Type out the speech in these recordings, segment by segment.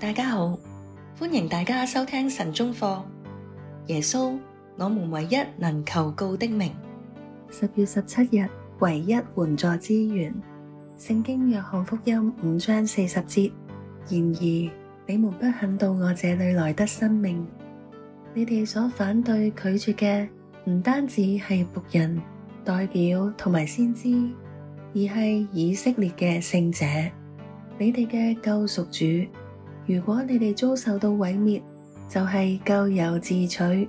大家好，歡迎大家收聽晨鐘課。耶穌，我們唯一能求告的名。十月十七日，唯一援助之源。聖經約翰福音五章四十節。然而，你們不肯到我這裏來得生命。你哋所反對拒絕嘅，唔單止係僕人、代表同埋先知，而係以色列嘅聖者，你哋嘅救贖主。如果你哋遭受到毀滅，就係、是、咎由自取。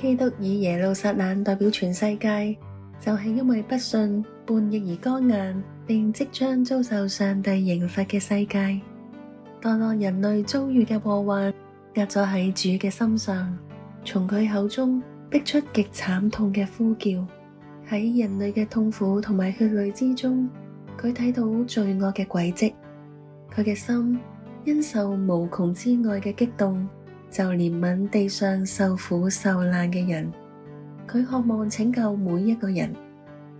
基督以耶路撒冷代表全世界，就係、是、因為不信、叛逆而剛硬，並即將遭受上帝刑罰嘅世界。墮落人類遭遇嘅禍患壓咗喺主嘅心上，從佢口中逼出極慘痛嘅呼叫。喺人類嘅痛苦同埋血淚之中，佢睇到罪惡嘅軌跡，佢嘅心。因受無窮之愛嘅激動，就憐憫地上受苦受難嘅人，佢渴望拯救每一個人。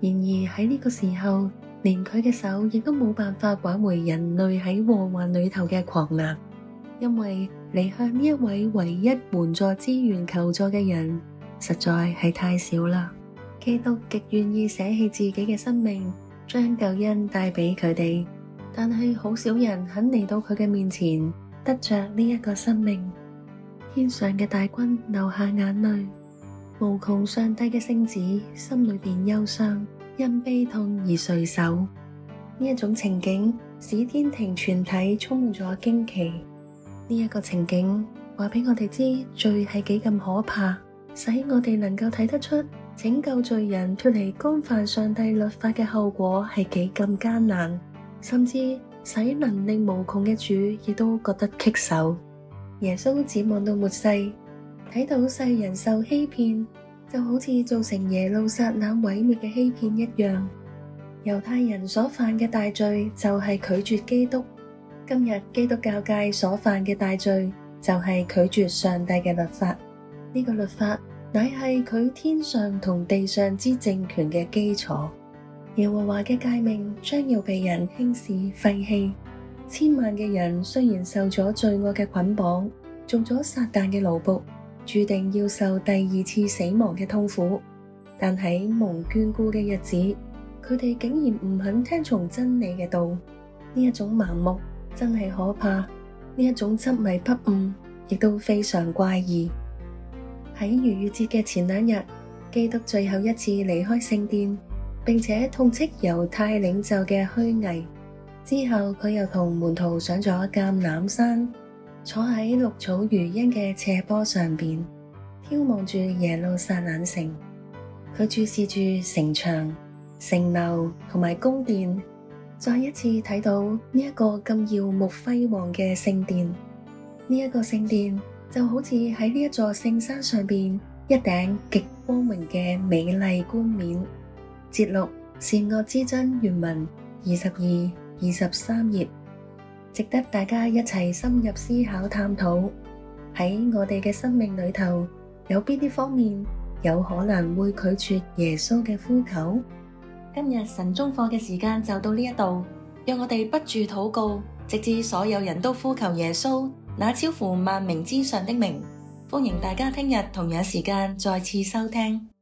然而喺呢個時候，連佢嘅手亦都冇辦法挽回人類喺禍患裏頭嘅狂瀾，因為嚟向呢一位唯一援助之源求助嘅人，實在係太少啦。基督極願意捨棄自己嘅生命，將救恩帶俾佢哋。但係好少人肯嚟到佢嘅面前，得着呢一個生命。天上嘅大軍流下眼淚，無窮上帝嘅聖子心裏邊憂傷，因悲痛而垂首。呢一種情景使天庭全體充滿咗驚奇。呢、這、一個情景話俾我哋知罪係幾咁可怕，使我哋能夠睇得出拯救罪人脫離干犯上帝律法嘅後果係幾咁艱難。甚至使能力無窮嘅主亦都覺得棘手。耶穌展望到末世，睇到世人受欺騙，就好似造成耶路撒冷毀滅嘅欺騙一樣。猶太人所犯嘅大罪就係拒絕基督，今日基督教界所犯嘅大罪就係拒絕上帝嘅律法，呢個律法乃係佢天上同地上之政權嘅基礎。耶和華嘅誡命將要被人輕視廢棄，千萬嘅人雖然受咗罪惡嘅捆綁，做咗撒旦嘅奴僕，注定要受第二次死亡嘅痛苦，但喺蒙眷顧嘅日子，佢哋竟然唔肯聽從真理嘅道，呢一種盲目真係可怕，呢一種執迷不悟亦都非常怪異。喺逾越節嘅前兩日，基督最後一次離開聖殿。並且痛斥猶太領袖嘅虛偽之後，佢又同門徒上咗橄欖山，坐喺綠草如茵嘅斜坡上面，眺望住耶路撒冷城。佢注視住城牆、城樓同埋宮殿，再一次睇到呢一個咁耀目輝煌嘅聖殿。呢、這、一個聖殿就好似喺呢座聖山上面一頂極光榮嘅美麗冠冕。節錄善惡之爭原文二十二、二十三頁，值得大家一齊深入思考探討。喺我哋嘅生命裏頭，有邊啲方面有可能會拒絕耶穌嘅呼求？今日神中課嘅時間就到呢一度，讓我哋不住禱告，直至所有人都呼求耶穌那超乎萬名之上的名。歡迎大家聽日同樣時間再次收聽。